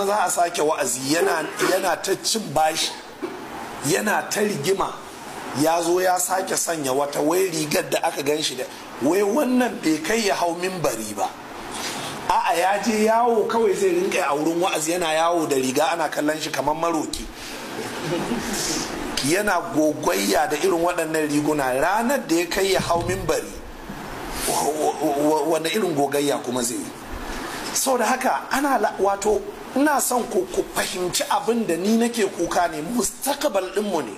za a sake wa'azi yana ta cin bashi yana ta rigima ya zo ya sake sanya wata wai rigar da aka gan shi da wai wannan bai kai ya hau mimbari ba a'a ya je yawo kawai zai rinka a wurin wa'azi yana yawo da riga ana kallon shi kamar maroki yana gogayya da irin waɗannan riguna ranar da ya kai ya hau mimbari wanda irin gogayya kuma zai yi sau da haka ana wato ina son ku fahimci abin da ni nake kuka ne mustakabal dinmu ne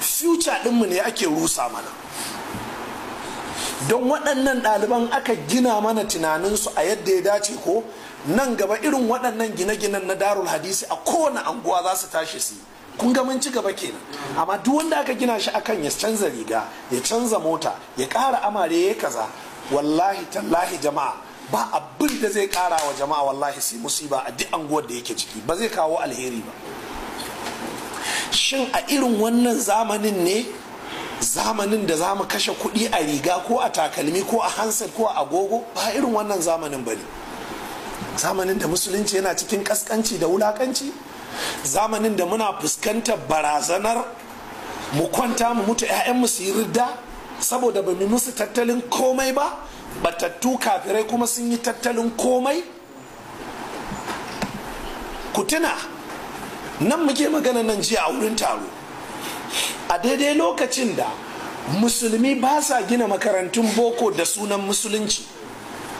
future dinmu ne ake rusa mana don waɗannan ɗaliban aka gina mana tunaninsu a yadda ya dace ko nan gaba irin waɗannan gine-ginen na darul hadisi a kowane anguwa za su tashi su kun ga mun ci gaba kenan amma duk wanda aka gina shi akan ya canza riga ya canza mota ya kara amare ya kaza wallahi tallahi jama'a ba abin da zai kara wa jama'a wallahi sai musiba a duk anguwar da yake ciki ba zai kawo alheri ba shin a irin wannan zamanin ne zamanin da za mu kashe kuɗi a riga ko a takalmi ko a hansar ko a agogo ba irin wannan zamanin ba ne zamanin da musulunci yana cikin kaskanci da wulakanci zamanin da muna fuskantar barazanar mu kwanta mu mutu 'ya'yan musu yi ridda saboda ba mu musu tattalin komai ba batattu kafirai kuma sun yi tattalin komai ku tuna nan muke magana nan jiya a wurin taro a daidai lokacin da musulmi ba sa gina makarantun boko da sunan musulunci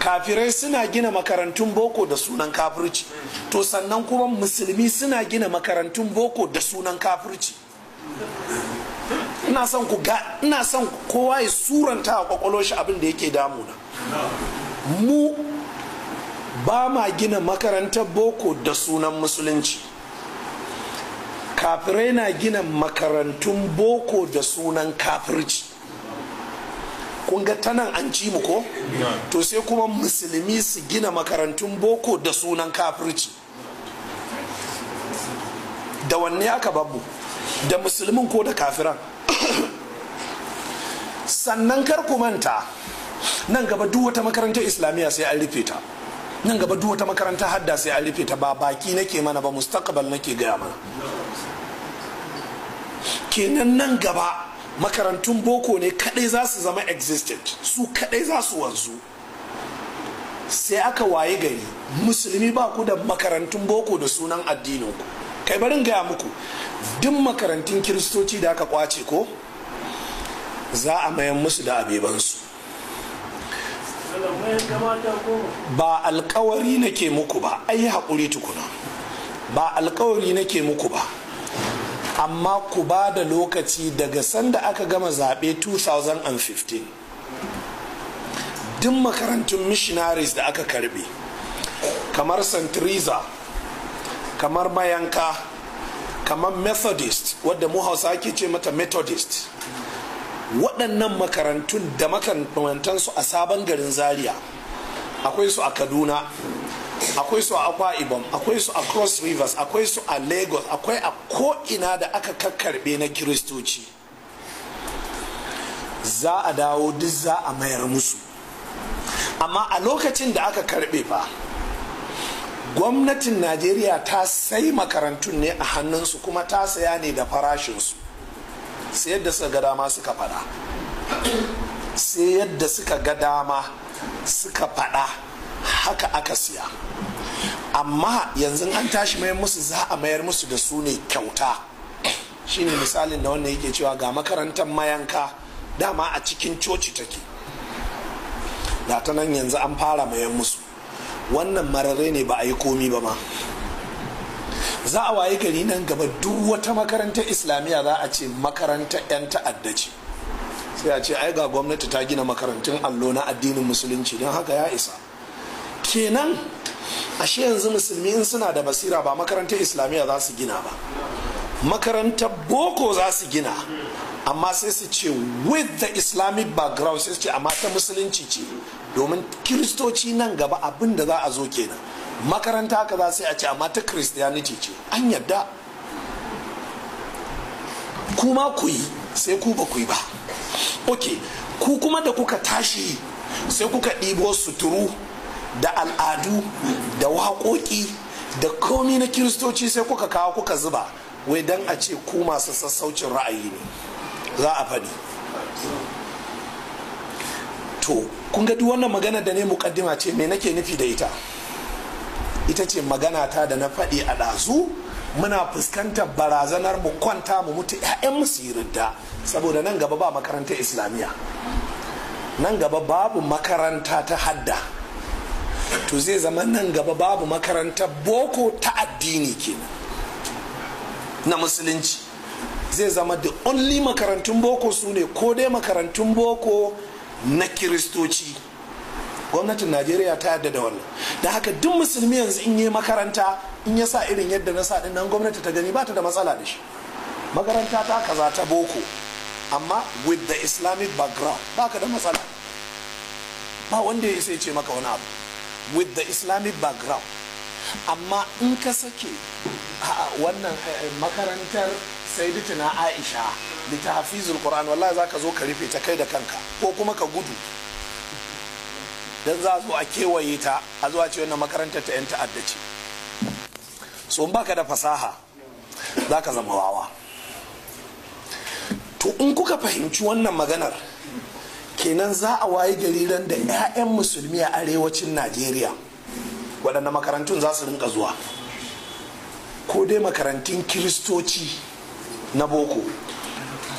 kafirai suna gina makarantun boko da sunan kafirci to sannan kuma musulmi suna gina makarantun boko da sunan kafirci ina son kowa ya suranta a kwakwalo shi abin da yake damuna mu ba ma gina makarantar boko da sunan musulunci kafirai na gina makarantun boko da sunan kafirci kun ga ta an ci mu ko to sai kuma musulmi su gina makarantun boko da sunan kafirci da wanne aka babu da musulmin ko da kafiran sannan kar ku manta nan gaba duk wata makarantar islamiyya sai an rufe ta nan gaba duk wata makaranta hadda sai an rufe ta ba baki nake mana ba mustaqbal nake gaya mana kenan nan gaba makarantun boko ne kadai za su zama existent su kadai za su wanzu sai aka waye gari musulmi ba ku da makarantun boko da sunan addininku kai barin gaya muku duk makarantun kiristoci da aka kwace ko za a mayan musu da abebansu ba alkawari nake muku ba ai haƙuri tukuna ba alkawari nake muku ba amma ku ba da lokaci daga sanda aka gama zaɓe 2015 duk makarantun missionaries da aka karbe kamar st kamar mayanka kamar methodist wadda mu hausa ke ce mata methodist waɗannan makarantun da makarantansu a sabon garin zaria akwai su a kaduna akwai su a akwa ibom akwai su a cross rivers akwai su a lagos akwai a ko'ina da aka kakkarbe na kiristoci za a dawo duk za a mayar musu amma a lokacin da aka karbe fa gwamnatin najeriya ta sai makarantun ne a hannunsu kuma ta saya ne da farashinsu sai yadda suka ga dama suka faɗa sai yadda suka ga dama suka faɗa haka aka siya amma yanzu an tashi mayar musu za a mayar musu da su ne kyauta shine misalin da wannan yake cewa ga makarantar mayanka dama a cikin coci take da ta nan yanzu an fara mayan musu wannan marare ne ba a yi komi ba ma za a waye gari nan gaba duk wata makarantar islamiyya za a ce makarantar 'yan ta'adda ce sai a ce ai ga gwamnati ta gina makarantun allo na addinin musulunci don haka ya isa kenan ashe yanzu musulmi in suna da basira ba makarantar islamiyya za su gina ba makarantar boko za su gina amma sai su ce with the islamic background sai su ce amma ta musulunci ce domin kiristoci nan gaba abin da za a zo kenan makaranta kaza za sai a ce amma ta christianity ce an yadda kuma ku yi sai ku ba ku yi ba ok ku kuma da kuka tashi sai kuka ɗibo suturu da al'adu da waƙoƙi da komi na kiristoci sai kuka kawo kuka zuba wai don a ce ku masu sassaucin ra'ayi ne za a faɗi to kun ga duk wannan magana da ne mukaddima ce me nake nufi da ita ita ce magana ta da na faɗi a ɗazu muna fuskantar barazanar mu kwanta mu mutu 'ya'yan mu ridda saboda nan gaba ba makarantar islamiyya nan gaba babu makaranta ta hadda to zai zama nan gaba babu makarantar boko ta addini kenan na musulunci zai zama da only makarantun boko su ne ko dai makarantun boko na kiristoci gwamnatin najeriya ta yarda da wannan da haka duk musulmi yanzu in yi makaranta in ya sa irin yadda na sa dinnan gwamnati ta gani ba ta da matsala da shi makaranta ta kaza ta boko amma with the islamic background ba ka da matsala ba wanda ya sai ce maka wani abu with the islamic background amma in ka sake wannan eh, eh, makarantar saiditina aisha da ta hafizul wallahi zaka zo ka rufe ta kai da kanka ko kuma ka gudu don za a zo a kewaye ta a zuwa ce wannan makarantar ta 'yan ta'adda ce so in baka da fasaha za ka zama wawa to in kuka fahimci wannan maganar kenan za a wayi gari da 'ya'yan musulmi a arewacin najeriya waɗanda makarantun za su rinka zuwa ko dai makarantun kiristoci na boko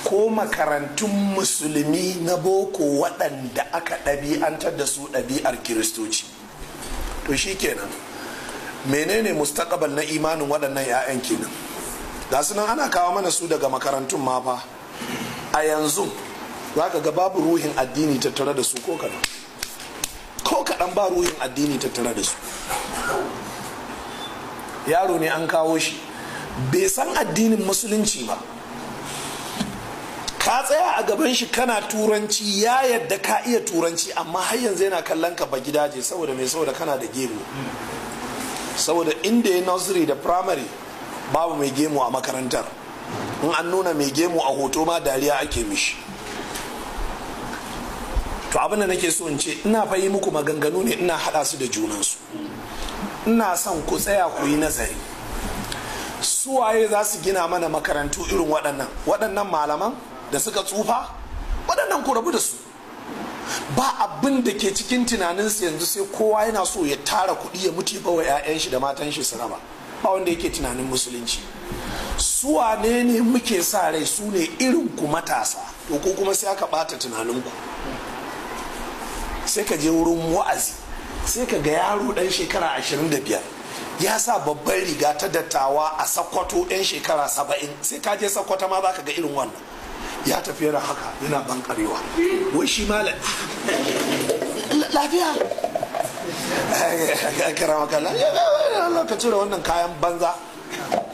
ko makarantun musulmi na boko waɗanda aka ɗabi'antar da su ɗabi'ar kiristoci to shi kenan menene mustakabal na imanin waɗannan 'ya'yan kenan ga su ana kawo mana su daga makarantun ma fa a yanzu za ka ga babu ruhin addini tattare da su ko kaɗan ko kaɗan ba ruhin addini tattare da su yaro ne an kawo shi bai san addinin musulunci ba ka tsaya a gaban shi kana turanci ya yadda ka iya turanci amma har yanzu yana kallon ka ba gidaje saboda mai saboda kana da gemu saboda inda ya nursery da primary babu mai gemu a makarantar in an nuna mai gemu a hoto ma dariya ake mishi to abin da nake so in ce ina fayi muku maganganu ne ina haɗa su da junansu ina son ku tsaya ku yi nazari suwaye za su gina mana makarantu irin waɗannan waɗannan malaman da suka tsufa waɗannan ku rabu da su ba abin da ke cikin tunaninsu yanzu sai kowa yana so ya tara kuɗi ya mutu wa 'ya'yan shi da matan shi su raba ba wanda yake tunanin musulunci su wane ne muke sa rai su ne irin ku matasa to ko kuma sai aka ɓata ku sai ka je wurin wa'azi sai ka ga yaro ɗan shekara 25 ya sa babban riga ta dattawa a sakwato 'yan shekara 70 sai ka je sakwata ma za ka ga irin wannan ya tafi yana haka yana bankarewa wai shi ma lafiya eh, kira maka lafiya ka cire wannan kayan banza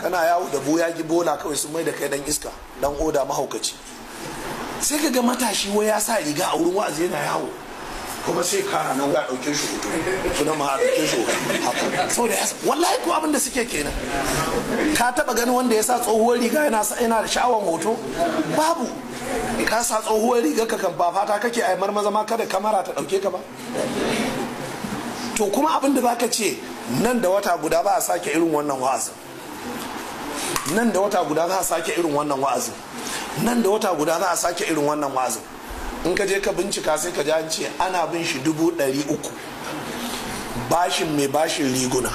kana yawo da buya gi bola kawai sun mai da kai dan iska dan oda mahaukaci sai ka ga matashi wai ya sa riga a wurin wa'azi yana yawo kuma sai ka nan ga ɗauke shi hoto su da ma a ɗauke shi hoto saboda ya wallahi ko abin da suke kenan ka taba ganin wanda ya sa tsohuwar riga yana yana da sha'awar hoto babu ka sa tsohuwar riga ka kan ba fata kake ai marmaza ma kada kamera ta ɗauke ka ba to kuma abin da baka ce nan da wata guda ba a sake irin wannan wa'azin nan da wata guda za a sake irin wannan wa'azin nan da wata guda za a sake irin wannan wa'azin in ka je ka bincika sai ka ja an ce ana bin shi dubu ɗari uku bashin mai bashin riguna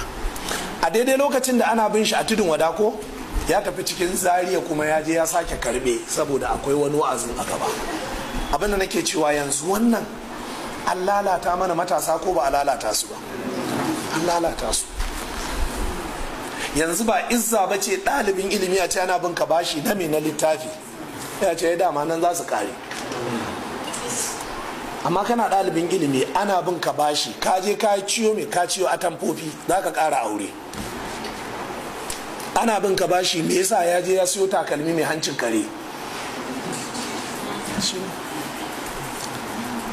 a daidai lokacin da ana bin shi a tudun wada ko ya tafi cikin zariya kuma ya je ya sake karbe saboda akwai wani wa'azin a gaba abinda nake cewa yanzu wannan an lalata mana matasa ko ba a lalata su ba an lalata su yanzu ba izza ba ce ɗalibin ilimi a ce ana bin ka bashi na mai na littafi ya ce eh, dama nan za su kare amma kana ɗalibin ilimi ana bin ka bashi ka je ka ciyo mai ka ciyo atamfofi za ka ƙara aure ana bin ka bashi me yasa ya je ya siyo takalmi mai hancin kare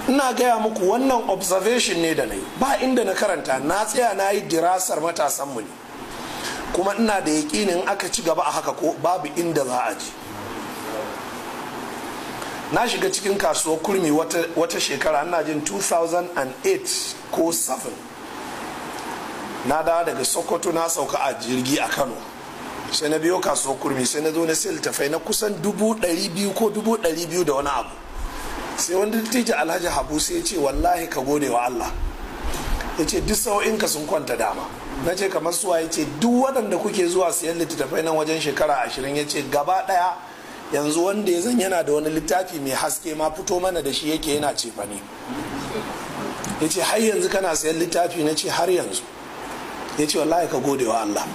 ina gaya muku wannan observation ne da nai yi ba inda na karanta na tsaya na yi dirasar matasanmu ne kuma ina da yaƙinin aka ci gaba a haka ko babu inda za a je na shiga cikin kasuwar kurmi wata, shekara ana jin 2008 ko 7 na dawo daga sokoto na sauka a jirgi a kano sai na biyo kasuwar kurmi sai na zo na sai littafai na kusan 200,000 ko 200,000 da wani abu sai wani dattijo alhaji habu sai ce wallahi ka gode wa allah ya ce duk ka sun kwanta dama na ce kamar suwa ya ce duk waɗanda kuke zuwa siyan littattafai nan wajen shekara ashirin ya ce gaba ɗaya yanzu wanda ya zan yana da wani littafi mai haske ma fito mana da shi yake yana cefa ne ya ce har yanzu kana sayan littafi na ce har yanzu ya ce wallahi ka gode wa Allah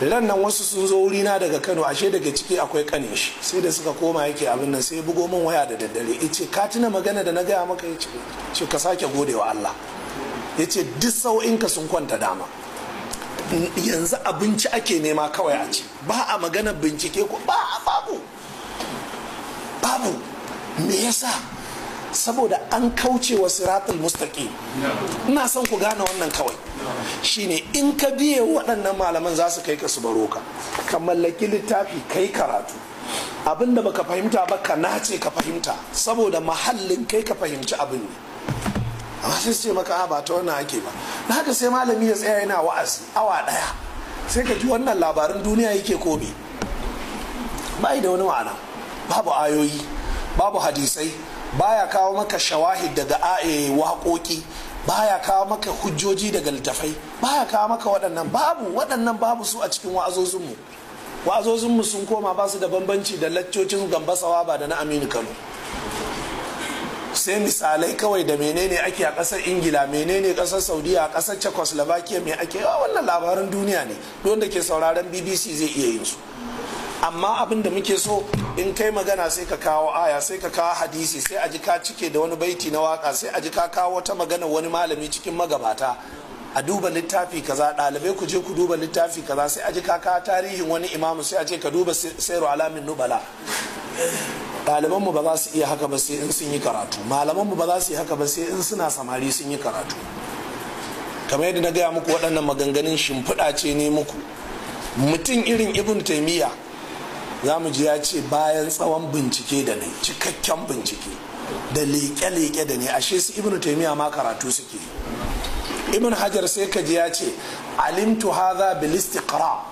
ran nan wasu sun zo wurina daga kano ashe daga ciki akwai kane shi sai da suka koma yake abin nan sai bugo min waya da daddare ya ce ka tuna magana da na gaya maka ya ce ka sake gode wa Allah ya ce duk sau'inka sun kwanta dama yanzu abinci ake nema kawai a ci ba a magana bincike ko ba babu babu me yasa saboda an kauce wa siratul ina son ku gane wannan kawai shine in ka biye waɗannan malaman za su kai ka su baro ka ka mallaki littafi kai karatu abinda baka fahimta ba ka nace ka fahimta saboda mahallin kai ka fahimci abin ne amma sai ce maka ah, ba ta wannan ake ba na haka sai malami ya tsaya yana wa'azi awa daya sai ka ji wannan labarin duniya yake komi bai da wani ma'ana babu ayoyi babu hadisai baya kawo maka shawahid daga waƙoƙi baya kawo maka hujjoji daga littafai baya kawo maka waɗannan babu waɗannan babu su a cikin wa'azozinmu wa'azozinmu sun koma ba su da bambanci da laccocin gambasawa ba da na aminu kano sai misalai kawai da menene ake a ƙasar ingila menene ƙasar saudiya a ƙasar czechoslovakia me ake yawa ah, wannan labaran duniya ne don da ke sauraron bbc zai iya yin su amma abin da muke so in kai magana sai ka kawo aya sai ka kawo hadisi sai a ji ka cike da wani baiti na waka sai a ji ka kawo wata magana wani malami cikin magabata a duba littafi kaza ɗalibai ku je ku duba littafi kaza sai a ji ka kawo tarihin wani imamu sai a ce ka duba sairu alamin nubala ɗalibanmu ba za su iya haka ba sai in sun yi karatu malamanmu ba za su iya haka ba sai in suna samari sun yi karatu kamar yadda na gaya muku waɗannan maganganun shimfiɗa ce ne muku mutum irin ibn taimiyya za mu ji ya ce bayan tsawon bincike da ne cikakken bincike da leƙe-leƙe da ne ashe su ibn taimiyya ma karatu suke ibn hajar sai ka ji ya ce alimtu haza bil istiqra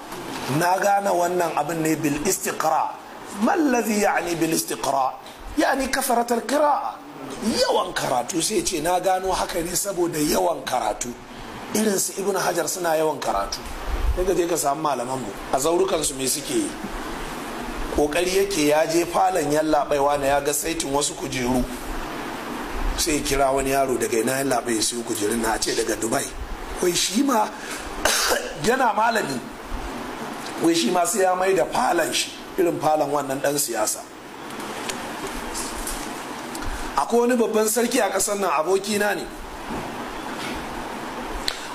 na gane wannan abin ne bil istiqra ما الذي يعني بالاستقراء يعني كثرة القراءة yawan karatu sai ce na gano haka ne saboda yawan karatu irin su ibn hajar suna yawan karatu daga je ka samu malaman mu a zaurukan su me suke yi kokari yake ya je falon yalla baiwa na ya ga saitin wasu kujeru sai kira wani yaro daga ina yalla bai sai kujerun na ce daga dubai wai shi ma yana malami wai shi ma sai ya mai da falon shi irin falon wannan dan siyasa akwai wani babban sarki a ƙasar nan abokina ne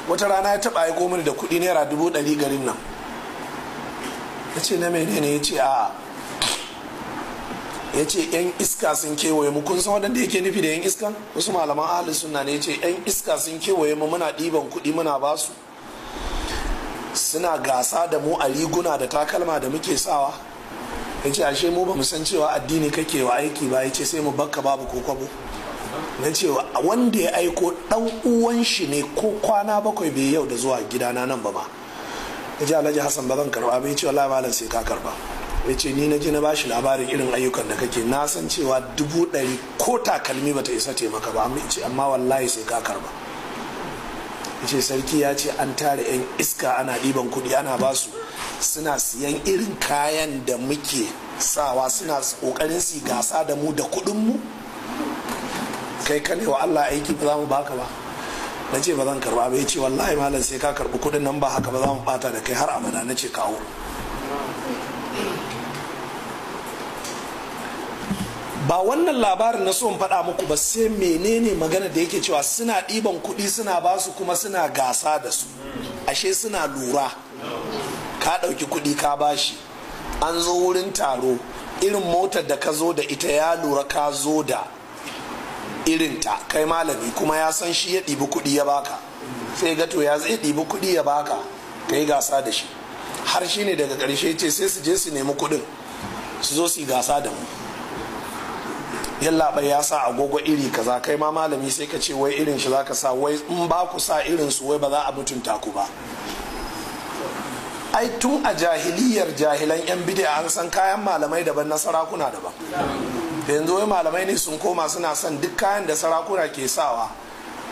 wata rana ya taɓa aiko mini da kuɗi naira dubu ɗari garin nan ya ce na menene ya ce a ya ce yan iska sun kewaye mu kun san waɗanda yake nufi da yan iska wasu malaman ahalin suna ne ya ce yan iska sun kewaye mu muna ɗiban kuɗi muna ba su. suna gasa da mu a riguna da takalma da muke sawa ya ce ashe mu ba mu san cewa addini kake wa aiki ba ya ce sai mu bakka babu ko kwabo na cewa wanda ya aiko dan uwan shi ne ko kwana bakwai bai yau da zuwa gidana nan ba ma ya ji alhaji hassan ba zan karba bai ce wallahi malam sai ka karba ya ce ni na ji na bashi labarin irin ayyukan da kake na san cewa dubu ɗari ko takalmi bata isa taimaka ba ce amma wallahi sai ka karba ce sarki ya ce an tare 'yan iska ana ɗiban kuɗi ana basu suna siyan irin kayan da muke sawa suna ƙoƙarin si gasa da mu da kuɗinmu kai kane wa Allah aiki ba za mu baka ba na ce ba zan karba ba ya ce wallahi malam sai ka karbi kuɗin nan ba haka ba za mu bata da kai har abada na ce kawo ba wannan labarin na son faɗa muku ba sai menene magana da yake cewa suna ɗiban kuɗi suna ba su kuma suna gasa da su ashe suna lura ka ɗauki kuɗi ka bashi an zo wurin taro irin motar da ka zo da ita ya lura ka zo da irinta kai malami kuma ya san shi ya ɗibi kuɗi ya baka sai gato ya zai ɗibi kuɗi ya baka ka yi gasa da shi har shi ne daga ƙarshe ce sai su je su nemi kuɗin su zo su yi gasa da mu yallaɓa ya sa agogo iri kaza kai ma malami sai ka ce wai irin shi za ka sa wai in ba ku sa irin su wai ba za a mutunta ku ba ai tun a jahiliyar jahilan yan bid'a an san kayan malamai daban na sarakuna daban yanzu wai malamai ne sun koma suna son duk kayan da sarakuna ke sawa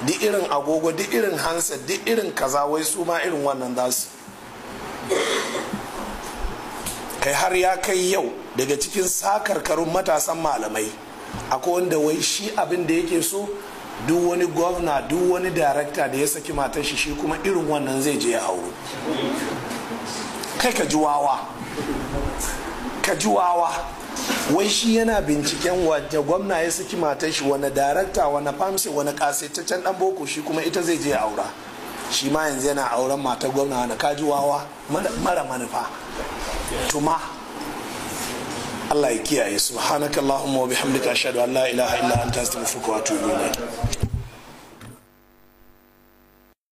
duk irin agogo duk irin hansa duk irin kaza wai su ma irin wannan za su kai har ya kai yau daga cikin sakarkarun matasan malamai akwai wanda wai shi abin da yake so duk wani gwamna duk wani darakta da ya saki matar shi shi kuma irin wannan zai je ya auro kai ka ji wawa ka ji wawa wai shi yana binciken wadda gwamna ya saki matar shi wani darakta wani famsi wani kasaitaccen dan boko shi kuma ita zai je ya aura shi ma yanzu yana auren matar gwamna wani ka ji wawa mara manufa tuma Allah ya kiyaye subhanakallahumma wa bihamdika ashhadu an la ilaha illa anta astaghfiruka wa atubu ilayk